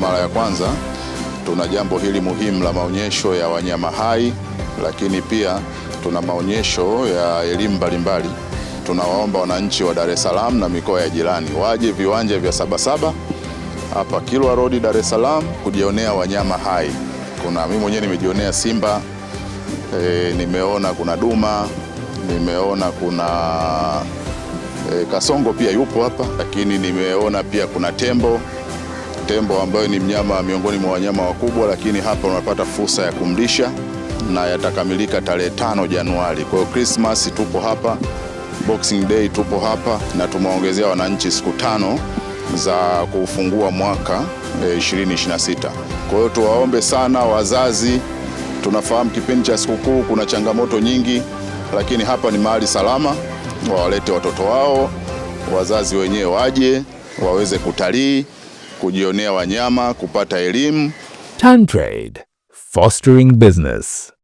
mara ya kwanza, tuna jambo hili muhimu la maonyesho ya wanyama hai, lakini pia tuna maonyesho ya elimu mbalimbali. Tunawaomba wananchi wa Dar es Salaam na mikoa ya jirani waje viwanja vya Sabasaba hapa Kilwa Road, Dar es Salaam kujionea wanyama hai. Kuna mimi mwenyewe nimejionea simba e, nimeona kuna duma, nimeona kuna e, kasongo pia yupo hapa, lakini nimeona pia kuna tembo tembo ambayo ni mnyama miongoni mwa wanyama wakubwa, lakini hapa unapata fursa ya kumlisha na yatakamilika tarehe tano Januari. Kwa hiyo Christmas tupo hapa, Boxing Day tupo hapa na tumewaongezea wananchi siku tano za kufungua mwaka eh, 2026. Kwa hiyo tuwaombe sana wazazi, tunafahamu kipindi cha sikukuu kuna changamoto nyingi, lakini hapa ni mahali salama, wawalete watoto wao, wazazi wenyewe waje waweze kutalii kujionea wanyama, kupata elimu. Tantrade, fostering business.